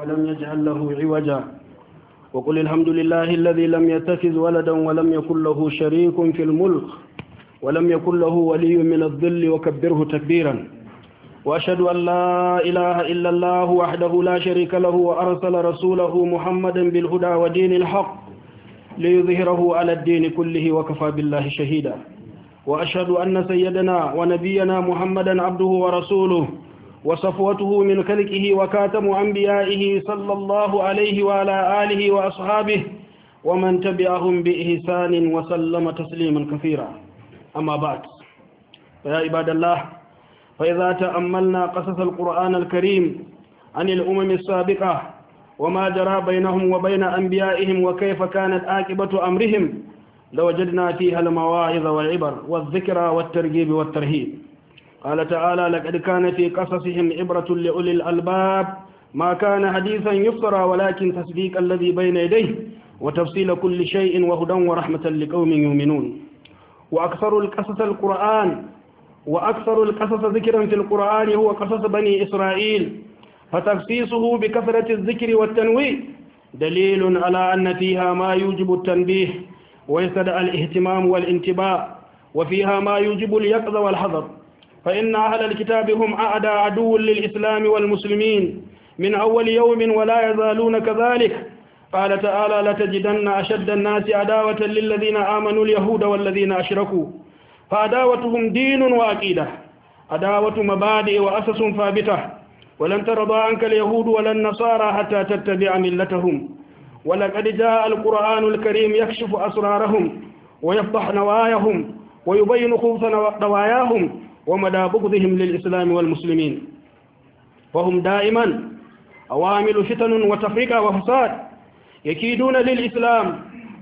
ولم يجعل له عوجا وقل الحمد لله الذي لم يتخذ ولدا ولم يكن له شريك في الملك ولم يكن له ولي من الذل وكبره تكبيرا وأشهد أن لا إله إلا الله وحده لا شريك له وأرسل رسوله محمدا بالهدى ودين الحق ليظهره على الدين كله وكفى بالله شهيدا وأشهد أن سيدنا ونبينا محمدا عبده ورسوله وصفوته من خلقه وكاتم أنبيائه صلى الله عليه وعلى آله وأصحابه ومن تبعهم بإحسان وسلم تسليما كثيرا أما بعد فيا عباد الله فإذا تأملنا قصص القرآن الكريم عن الأمم السابقة وما جرى بينهم وبين أنبيائهم وكيف كانت آكبة أمرهم لوجدنا فيها المواعظ والعبر والذكرى والترغيب والترهيب قال تعالى لقد كان في قصصهم عبرة لأولي الألباب ما كان حديثا يفترى ولكن تصديق الذي بين يديه وتفصيل كل شيء وهدى ورحمة لقوم يؤمنون وأكثر القصص القرآن وأكثر القصص ذكرا في القرآن هو قصص بني إسرائيل فتخصيصه بكثرة الذكر والتنويه دليل على أن فيها ما يوجب التنبيه ويستدعى الاهتمام والانتباه وفيها ما يوجب اليقظة والحذر فإن أهل الكتاب هم أعدى عدو للإسلام والمسلمين من أول يوم ولا يزالون كذلك قال تعالى لتجدن أشد الناس عداوة للذين آمنوا اليهود والذين أشركوا فعداوتهم دين وعقيدة عداوة مبادئ وأسس ثابتة ولن ترضى عنك اليهود ولا النصارى حتى تتبع ملتهم ولقد جاء القرآن الكريم يكشف أسرارهم ويفضح نواياهم ويبين خوف نواياهم ومدى بغضهم للإسلام والمسلمين وهم دائما أوامل فتن وتفرقة وفساد يكيدون للإسلام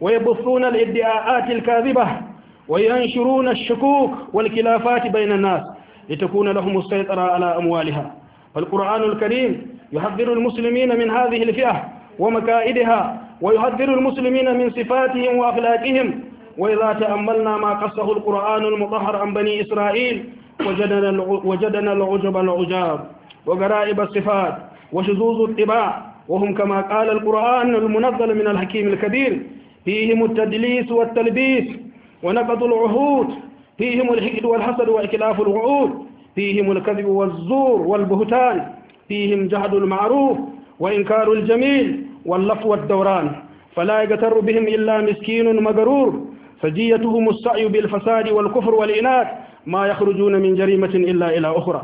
ويبثون الادعاءات الكاذبة وينشرون الشكوك والخلافات بين الناس لتكون لهم السيطرة على أموالها فالقرآن الكريم يحذر المسلمين من هذه الفئة ومكائدها ويحذر المسلمين من صفاتهم وأخلاقهم وإذا تأملنا ما قصه القرآن المطهر عن بني إسرائيل وجدنا وجدنا العجب العجاب وغرائب الصفات وشذوذ الطباع وهم كما قال القرآن المنظل من الحكيم الكبير فيهم التدليس والتلبيس ونقض العهود فيهم الحقد والحسد وإكلاف الوعود فيهم الكذب والزور والبهتان فيهم جهد المعروف وإنكار الجميل واللف والدوران فلا يغتر بهم إلا مسكين مغرور فجيتهم السعي بالفساد والكفر والإناث ما يخرجون من جريمة إلا إلى أخرى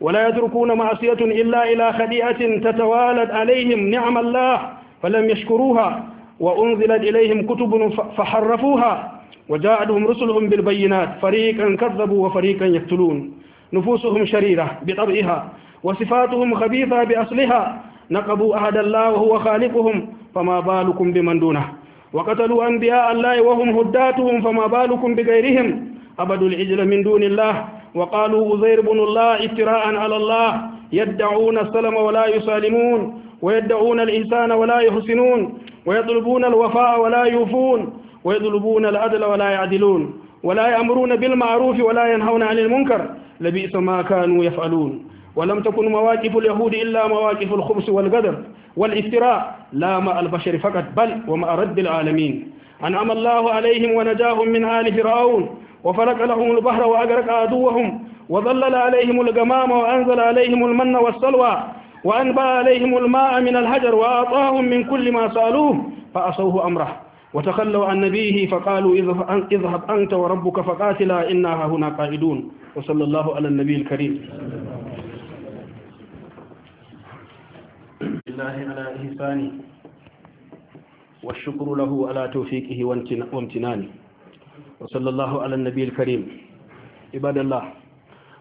ولا يتركون معصية إلا إلى خديئة تتوالد عليهم نعم الله فلم يشكروها وأنزلت إليهم كتب فحرفوها وجاءتهم رسلهم بالبينات فريقا كذبوا وفريقا يقتلون نفوسهم شريرة بطبعها وصفاتهم خبيثة بأصلها نقبوا أحد الله وهو خالقهم فما بالكم بمن دونه وقتلوا أنبياء الله وهم هداتهم فما بالكم بغيرهم عبدوا العجل من دون الله وقالوا أزير بن الله افتراء على الله يدعون السلم ولا يسالمون ويدعون الإنسان ولا يحسنون ويطلبون الوفاء ولا يوفون ويطلبون العدل ولا يعدلون ولا يأمرون بالمعروف ولا ينهون عن المنكر لبئس ما كانوا يفعلون ولم تكن مواقف اليهود إلا مواقف الخبث والقدر والافتراء لا مع البشر فقط بل ومع رد العالمين أنعم الله عليهم ونجاهم من آل فرعون وفلق لهم البحر وأغرق عدوهم وظلل عليهم الغمام وأنزل عليهم المن والسلوى وأنبى عليهم الماء من الحجر وأعطاهم من كل ما سألوه فأصوه أمره وتخلوا عن نبيه فقالوا اذهب أنت وربك فقاتلا إنا هنا قائدون وصلى الله على النبي الكريم الله على إهساني والشكر له على توفيقه وامتنانه وصلى الله على النبي الكريم عباد الله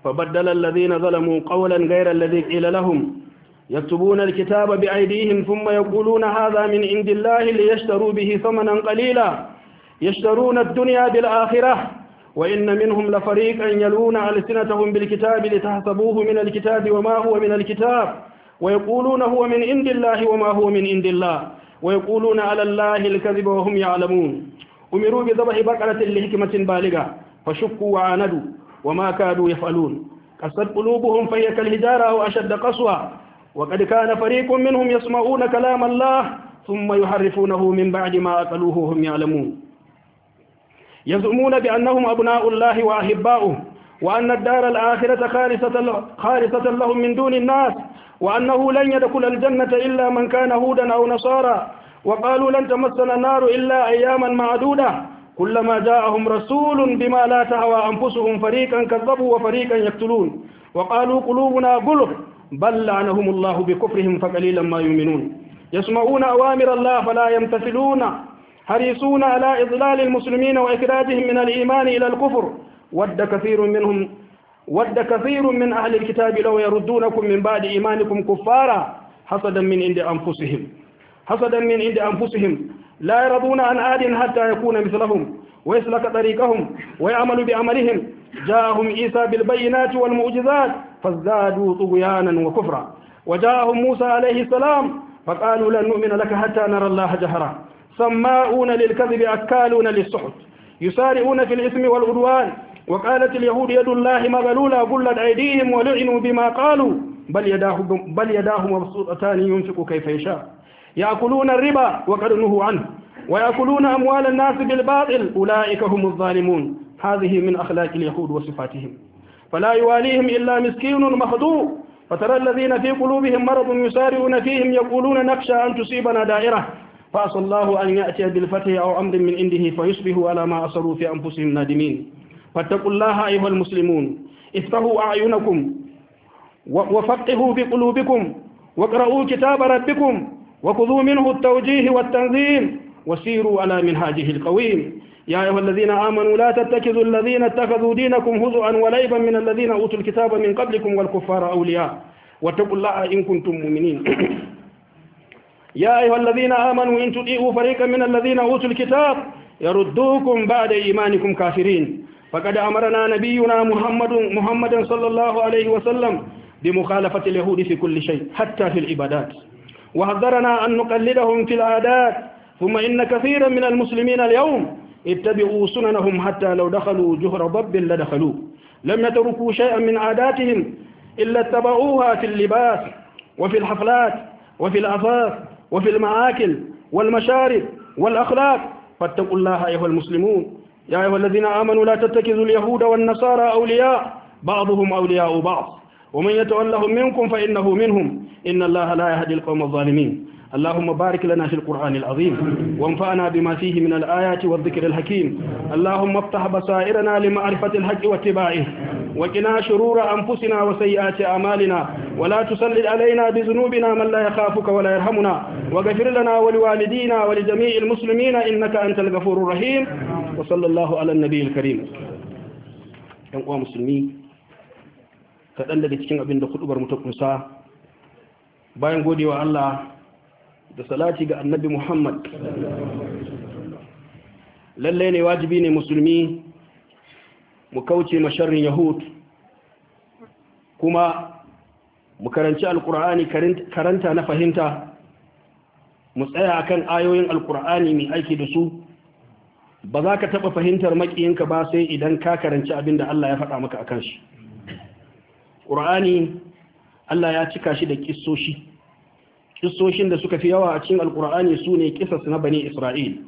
فبدل الذين ظلموا قولا غير الذي قيل لهم يكتبون الكتاب بأيديهم ثم يقولون هذا من عند الله ليشتروا به ثمنا قليلا يشترون الدنيا بالآخرة وإن منهم لفريقا يلون ألسنتهم بالكتاب لتحسبوه من الكتاب وما هو من الكتاب ويقولون هو من عند الله وما هو من عند الله ويقولون على الله الكذب وهم يعلمون أمروا بذبح بقرة لحكمة بالغة فشكوا وعاندوا وما كادوا يفعلون قصت قلوبهم فهي كالهجارة أو أشد قسوة وقد كان فريق منهم يسمعون كلام الله ثم يحرفونه من بعد ما أقلوه هم يعلمون يزعمون بأنهم أبناء الله وأحباؤه وأن الدار الآخرة خالصة خالصة لهم من دون الناس وأنه لن يدخل الجنة إلا من كان هودا أو نصارى وقالوا لن تمسنا النار إلا أياما معدودة كلما جاءهم رسول بما لا تهوى أنفسهم فريقا كذبوا وفريقا يقتلون وقالوا قلوبنا غلف بل لعنهم الله بكفرهم فقليلا ما يؤمنون يسمعون أوامر الله فلا يمتثلون حريصون على إضلال المسلمين وإخراجهم من الإيمان إلى الكفر ود كثير منهم ود كثير من أهل الكتاب لو يردونكم من بعد إيمانكم كفارا حسدا من عند أنفسهم حسدا من عند أنفسهم لا يرضون عن آد حتى يكون مثلهم ويسلك طريقهم ويعمل بعملهم جاءهم عيسى بالبينات والمعجزات فازدادوا طغيانا وكفرا وجاءهم موسى عليه السلام فقالوا لن نؤمن لك حتى نرى الله جهرا سماؤون للكذب أكالون للسحت يسارعون في الإثم والعدوان وقالت اليهود يد الله مغلولة غلت أيديهم ولعنوا بما قالوا بل يداه بل يداه مبسوطتان ينفق كيف يشاء يأكلون الربا وقد نهوا عنه ويأكلون أموال الناس بالباطل أولئك هم الظالمون هذه من أخلاق اليهود وصفاتهم فلا يواليهم إلا مسكين مخدوع فترى الذين في قلوبهم مرض يسارعون فيهم يقولون نخشى أن تصيبنا دائرة فعسى الله أن يأتي بالفتح أو أمر من عنده فيصبحوا على ما أصروا في أنفسهم نادمين فاتقوا الله أيها المسلمون افتحوا أعينكم وفقهوا بقلوبكم واقرؤوا كتاب ربكم وخذوا منه التوجيه والتنظيم وسيروا على منهاجه القويم يا أيها الذين آمنوا لا تتخذوا الذين اتخذوا دينكم هزؤا وليبا من الذين أوتوا الكتاب من قبلكم والكفار أولياء واتقوا الله إن كنتم مؤمنين يا أيها الذين آمنوا إن تطيعوا فريقا من الذين أوتوا الكتاب يردوكم بعد إيمانكم كافرين فقد أمرنا نبينا محمد محمد صلى الله عليه وسلم بمخالفة اليهود في كل شيء حتى في العبادات وحذرنا أن نقلدهم في العادات ثم إن كثيرا من المسلمين اليوم اتبعوا سننهم حتى لو دخلوا جهر ضب لدخلوه لم يتركوا شيئا من عاداتهم إلا اتبعوها في اللباس وفي الحفلات وفي الأثاث وفي المعاكل والمشارب والأخلاق فاتقوا الله أيها المسلمون يا أيها الذين آمنوا لا تتخذوا اليهود والنصارى أولياء بعضهم أولياء بعض ومن يتولهم منكم فإنه منهم إن الله لا يهدي القوم الظالمين اللهم بارك لنا في القرآن العظيم وانفعنا بما فيه من الآيات والذكر الحكيم اللهم افتح بصائرنا لمعرفة الحق واتباعه وقنا شرور أنفسنا وسيئات أعمالنا ولا تسلل علينا بذنوبنا من لا يخافك ولا يرحمنا واغفر لنا ولوالدينا ولجميع المسلمين إنك أنت الغفور الرحيم وصلى الله على النبي الكريم يا مسلمين kaɗan daga cikin abin da kuɗubar mu ta bayan godewa Allah da salati ga annabi Muhammad lalle ne wajibi ne musulmi mu kauce masharrin yahud kuma mu karanci alkur'ani karanta na fahimta mu tsaya akan ayoyin alkur'ani mai aiki da su ba za ka taɓa fahimtar maƙiyinka ba sai idan ka karanci abin da Allah ya faɗa maka a kan shi ƙur'ani Allah ya cika shi da kissoshi kissoshin da suka fi yawa a cikin alƙur'ani su ne kisas na bani isra'il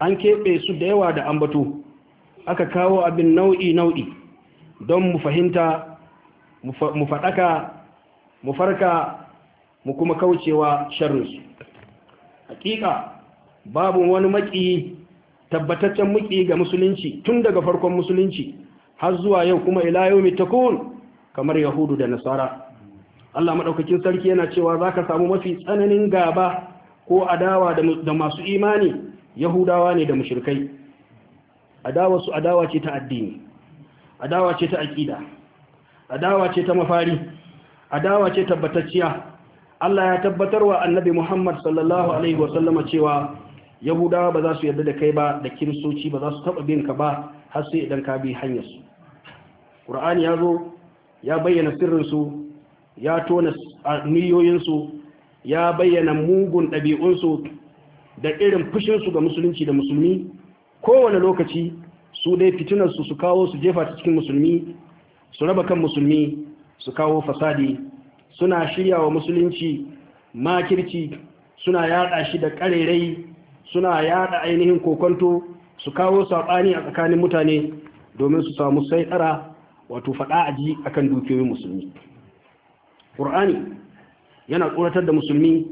an keɓe su da yawa da ambato aka kawo abin nau'i nau'i don mu fahimta mu faɗaka mu farka mu kuma kaucewa sharrinsu hakika babu wani maƙi tabbataccen muƙi ga musulunci tun daga farkon musulunci har zuwa yau kuma ila yau mai takun kamar yahudu da nasara Allah maɗaukakin sarki yana cewa za ka samu mafi tsananin gaba ko adawa da masu imani yahudawa ne da mushirikai. adawa su adawa ce ta addini adawa ce ta aƙida, adawa ce ta mafari adawa ce tabbatacciya Allah ya tabbatar wa annabi Muhammad sallallahu alaihi wasallama cewa yahudawa ba za su yarda da kai ba da kiristoci ba za su taba bin ka ba har sai idan ka bi hanyarsu Kur'ani ya zo ya bayyana sirrinsu ya tona niyoyinsu ya bayyana mugun ɗabi'unsu da irin fushinsu ga musulunci da musulmi kowane lokaci su dai fitinarsu su kawo su jefa ta cikin musulmi su raba kan musulmi su kawo fasadi suna shirya wa musulunci makirci suna yada shi da karerai suna yada ainihin kokonto su kawo saɓani a tsakanin mutane domin su samu sai tsara wato faɗa a ji akan dukiyoyin musulmi ƙur'ani yana tsoratar da musulmi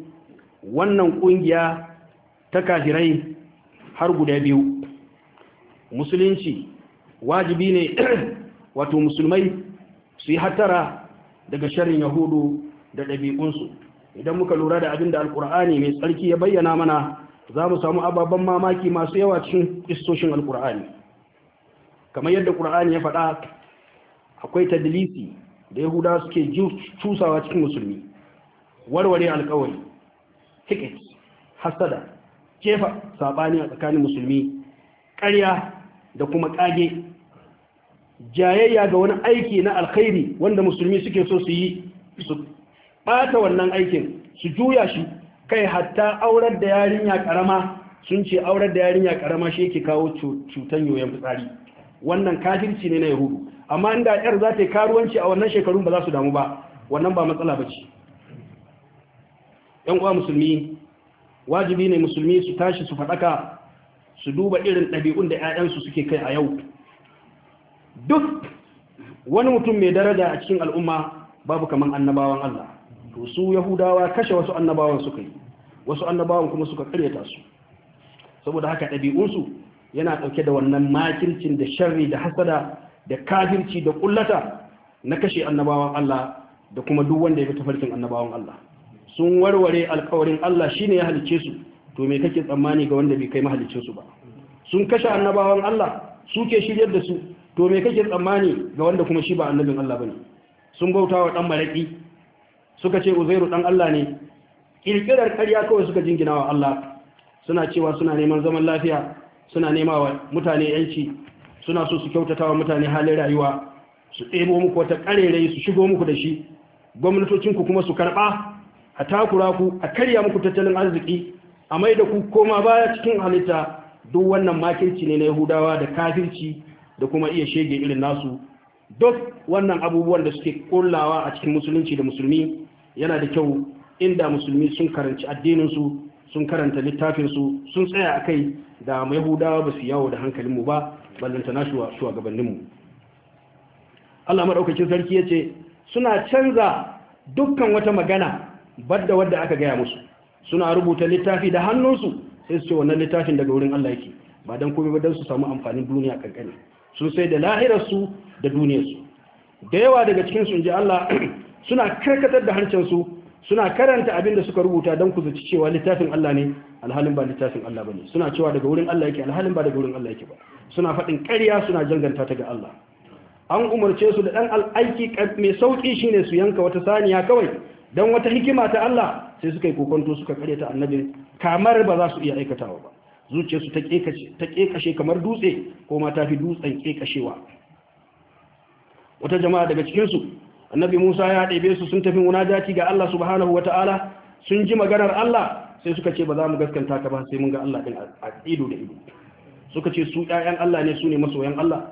wannan ƙungiya ta kafirai har guda biyu musulunci wajibi ne wato musulmai su yi hattara daga sharin yahudu da ɗabi'unsu idan muka lura da abin da alkur'ani mai tsarki ya bayyana mana za mu samu ababen mamaki masu yawa cikin istoshin alkur'ani kamar yadda ƙur'ani ya faɗa akwai tadlisi da yahudawa suke cusawa cikin musulmi warware alkawari tiket, hasada kefa, sabani a tsakanin musulmi ƙarya da kuma ƙage jayayya ga wani aiki na alkhairi wanda musulmi suke so su yi su ɓata wannan aikin su juya shi kai hatta aurar da yarinya ƙarama sun ce aurar da yarinya ƙarama shi yake kawo cutan yoyon fitsari wannan kafirci ne na yahudu amma inda yar za ta yi karuwanci a wannan shekarun ba za su damu ba wannan ba matsala ba ce uwa musulmi wajibi ne musulmi su tashi su faɗaka su duba irin ɗabi'un da 'ya'yansu suke kai a yau duk wani mutum mai daraja a cikin al'umma babu kaman annabawan Allah to su yahudawa kashe wasu annabawan suka yi wasu annabawan kuma suka karyata su saboda haka ɗabi'unsu yana ɗauke da wannan makircin da sharri da hasada da kafirci da kullata na kashe annabawan Allah da kuma duk wanda ya fi tafarkin annabawan Allah sun warware alkawarin Allah shine ya halice su to me kake tsammani ga wanda bai kai mahalicin su ba sun kashe annabawan Allah suke shiryar da su to me kake tsammani ga wanda kuma shi ba annabin Allah bane sun bautawa ɗan maraki suka ce Uzairu ɗan Allah ne kirkirar ƙarya kawai suka jingina wa Allah suna cewa suna neman zaman lafiya suna nema wa mutane yanci suna so su kyautata wa mutane halin rayuwa su ɗebo muku wata ƙarerai su shigo muku da shi gwamnatocinku kuma su karɓa a takura ku a karya muku tattalin arziki a mai da ku koma baya cikin halitta duk wannan makirci ne na yahudawa da kafirci da kuma iya shege irin nasu duk wannan abubuwan da suke kullawa a cikin musulunci da musulmi yana da kyau inda musulmi sun karanci addininsu sun karanta littafinsu sun tsaya a kai da yahudawa ba su yawo da hankalinmu ba ballantana shugabanninmu Allah maɗaukakin sarki ya ce suna canza dukkan wata magana badda wadda aka gaya musu suna rubuta littafi da hannunsu sai su ce wannan littafin daga wurin Allah yake ba don kome ba don su samu amfanin duniya kankani sun sai da lahirarsu da duniyarsu da yawa daga cikin in ji Allah suna karkatar da hancinsu suna karanta abin da suka rubuta don ku zaci cewa littafin Allah ne alhalin ba littafin Allah bane suna cewa daga wurin Allah yake alhalin ba daga wurin Allah yake ba suna faɗin ƙarya suna janganta ta ga Allah an umarce su da ɗan al'aiki mai sauki shine su yanka wata saniya kawai don wata hikima ta Allah sai suka yi kokonto suka ta annabi kamar ba za su iya aikatawa ba su ta ƙeƙashe kamar dutse ko ma ta fi dutsen ƙeƙashewa wata jama'a daga cikinsu annabi Musa ya ɗebe su sun tafi munajati ga Allah subhanahu wa ta'ala sun ji maganar Allah sai suka ce ba za mu gaskanta ka ba sai mun ga Allah ɗin a ido da ido suka ce su ƴaƴan Allah ne su ne masoyan Allah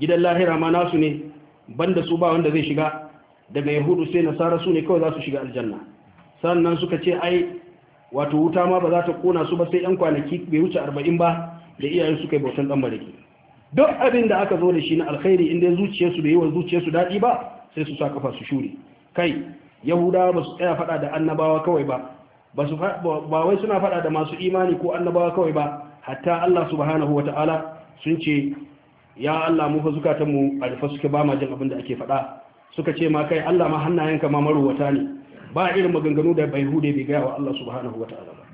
gidan lahira ma nasu ne banda su ba wanda zai shiga daga yahudu sai nasara su ne kawai za su shiga aljanna sannan suka ce ai wato wuta ma ba za ta kona su ba sai yan kwanaki bai wuce arba'in ba da iyayen suka yi bautan dan maraki duk abin da aka zo da shi na alkhairi inda zuciyarsu bai yi wa zuciyarsu daɗi ba sai su sa kafa su shure kai Yahuda ba su tsaya faɗa da annabawa kawai ba ba wai suna faɗa da masu imani ko annabawa kawai ba hatta Allah subhanahu wata'ala sun ce ya Allah mu fa mu a dafa suke ba ma jin abin da ake faɗa suka ce ma kai Allah ma hannayenka ma maruwata ne ba irin maganganu da bai hude bai gaya wa Allah subhanahu wata'ala ba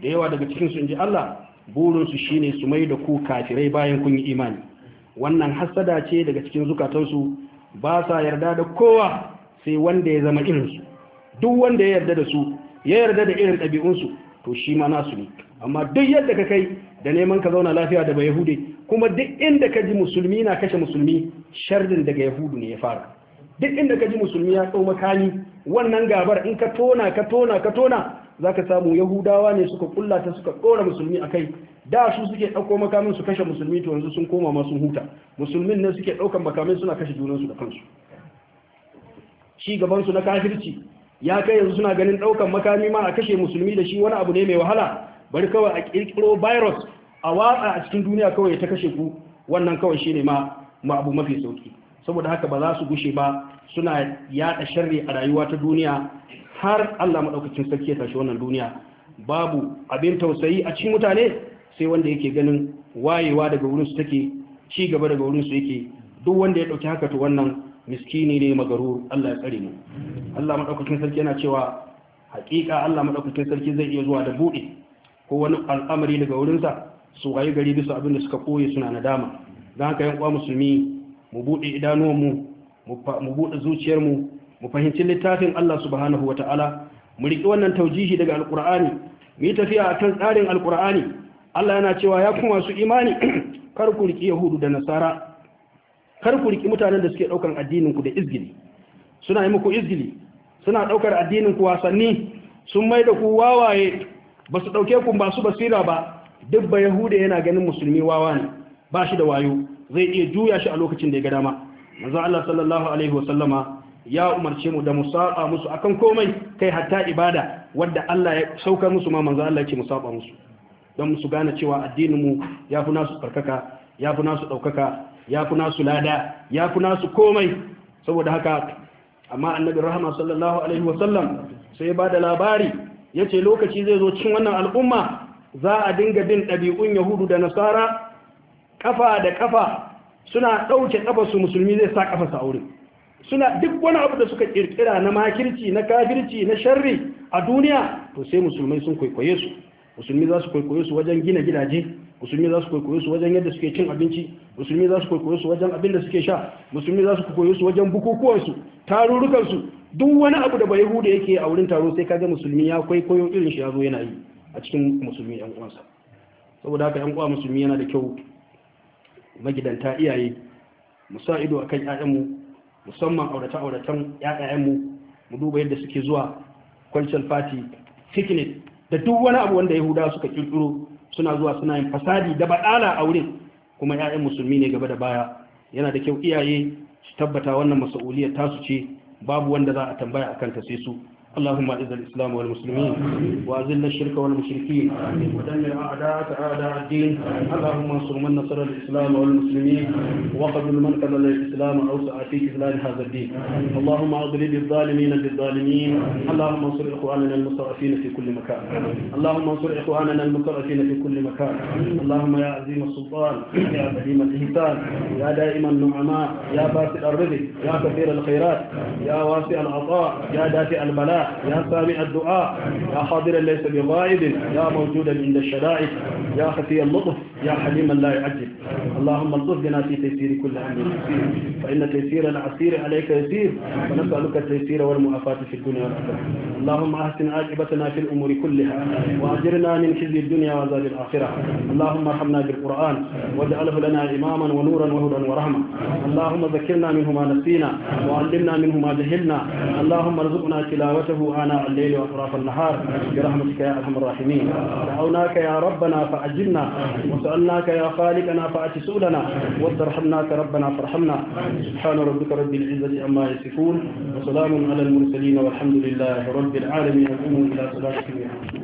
da yawa daga cikin su inji Allah burin su shine su mai da ku kafirai bayan kun yi imani wannan hasada ce daga cikin zukatansu ba sa yarda da kowa sai wanda ya zama irinsu duk wanda ya yarda da su ya yarda da irin ɗabi'unsu to shi ma nasu ne amma duk yadda ka kai da neman ka zauna lafiya da bai yahude kuma duk inda ka ji musulmi na kashe musulmi shardin daga yahudu ne ya fara duk inda ka ji musulmi ya tsoma makami wannan gabar in ka tona ka tona ka tona zaka samu yahudawa ne suka kulla ta suka ɗora musulmi akai da su suke ɗauko makamin su kashe musulmi to yanzu sun koma masu huta musulmin ne suke ɗaukan makamin suna kashe junansu da kansu shi gabansu na kafirci ya kai yanzu suna ganin ɗaukan makami ma a kashe musulmi da shi wani abu ne mai wahala bari kawai a ƙirƙiro virus a watsa a cikin duniya kawai ta kashe ku wannan kawai shine ma ma abu mafi sauki saboda haka ba za su gushe ba suna yaɗa sharri a rayuwa ta duniya har Allah maɗaukacin sarki ya tashi wannan duniya babu abin tausayi a cikin mutane sai wanda yake ganin wayewa daga wurin su take ci gaba daga wurin su yake duk wanda ya ɗauki haka to wannan miskini ne magaru Allah ya tsare mu Allah maɗaukacin sarki yana cewa hakika Allah maɗaukacin sarki zai iya zuwa da buɗe ko wani al'amari daga wurin sa su wayi gari bisa abin da suka koye suna nadama dan haka yan uwa musulmi mu buɗe idanuwan mu buɗe zuciyarmu. mu fahimci littafin Allah subhanahu wata'ala mu riki wannan taujihi daga alqur'ani mu yi tafiya a kan tsarin alqur'ani Allah yana cewa ya kuma su imani kar ku yahudu da nasara kar ku riki mutanen da suke ɗaukar addinin ku da izgili suna yi muku izgili suna ɗaukar addinin wasanni sun mai da ku wawaye ba su ɗauke ku basu basira ba duk ba yahuda yana ganin musulmi wawa ne ba shi da wayo zai iya juya shi a lokacin da ya ga dama manzo Allah sallallahu alaihi ya umarce mu da mu saba musu akan komai kai hatta ibada wadda Allah ya sauka musu ma manzo Allah yake mu saba musu don musu gane cewa addinin mu ya fi nasu farkaka ya fi nasu ɗaukaka ya fi nasu lada ya fi nasu komai saboda haka amma annabi rahama sallallahu alaihi wasallam sai ba da labari ya ce lokaci zai zo cin wannan al'umma za a dinga bin ɗabi'un yahudu da nasara ƙafa da kafa suna ɗauke su musulmi zai sa sa aure suna duk wani abu da suka kirkira na makirci na kafirci na sharri a duniya to sai musulmai sun kwaikwaye su musulmi za su kwaikwaye su wajen gina gidaje musulmi za su kwaikwaye su wajen yadda suke cin abinci musulmi za su kwaikwaye su wajen abin da suke sha musulmi za su kwaikwaye su wajen bukukuwansu tarurrukansu duk wani abu da bai huda yake a wurin taro sai kaga musulmi ya kwaikwayo irin shi ya zo yana yi a cikin musulmi yan uwansa saboda haka yan uwa musulmi yana da kyau magidanta iyaye mu sa ido akan ƴaƴanmu musamman auratan auratan ƴaƴayenmu mu duba yadda suke zuwa kwanciyar fati picnic da duk wani abu wanda yahudawa suka kirkiro suna zuwa suna yin fasadi da baɗala a wurin kuma 'ya'yan musulmi ne gaba da baya yana da kyau iyaye su tabbata wannan masa'uliyar tasu ce babu wanda za a tambaya akan ta sai su اللهم اعز الاسلام والمسلمين واذل الشرك والمشركين ودمر اعداءك اعداء الدين اللهم انصر من نصر الاسلام والمسلمين وقبل من قبل الاسلام اوسع في اذلال هذا الدين اللهم اضرب الظالمين بالظالمين اللهم انصر اخواننا المستضعفين في كل مكان اللهم انصر اخواننا المستضعفين في كل مكان اللهم يا عظيم السلطان يا بديم الاحسان يا دائم النعماء يا باسط الرزق يا كثير الخيرات يا واسع العطاء يا دافع البلاء يا سامع الدعاء يا حاضرا ليس بغائب يا موجودا عند الشرائع يا خفي اللطف يا حليما لا يعجب اللهم الطف بنا في تيسير كل امر فان تيسير العسير عليك يسير ونسالك التيسير والمعافاه في الدنيا والاخره اللهم احسن عاقبتنا في الامور كلها واجرنا من خزي الدنيا وعذاب الاخره اللهم ارحمنا بالقران واجعله لنا اماما ونورا وهدى ورحمه اللهم ذكرنا منه ما نسينا وعلمنا منه ما جهلنا اللهم ارزقنا تلاوته وبركاته آناء الليل وأطراف النهار برحمتك يا أرحم الراحمين دعوناك يا ربنا فأجلنا وسألناك يا خالقنا فأتسولنا وارحمناك ربنا فارحمنا سبحان ربك رب العزة عما يصفون وسلام على المرسلين والحمد لله رب العالمين وقوموا إلى صلاتكم يا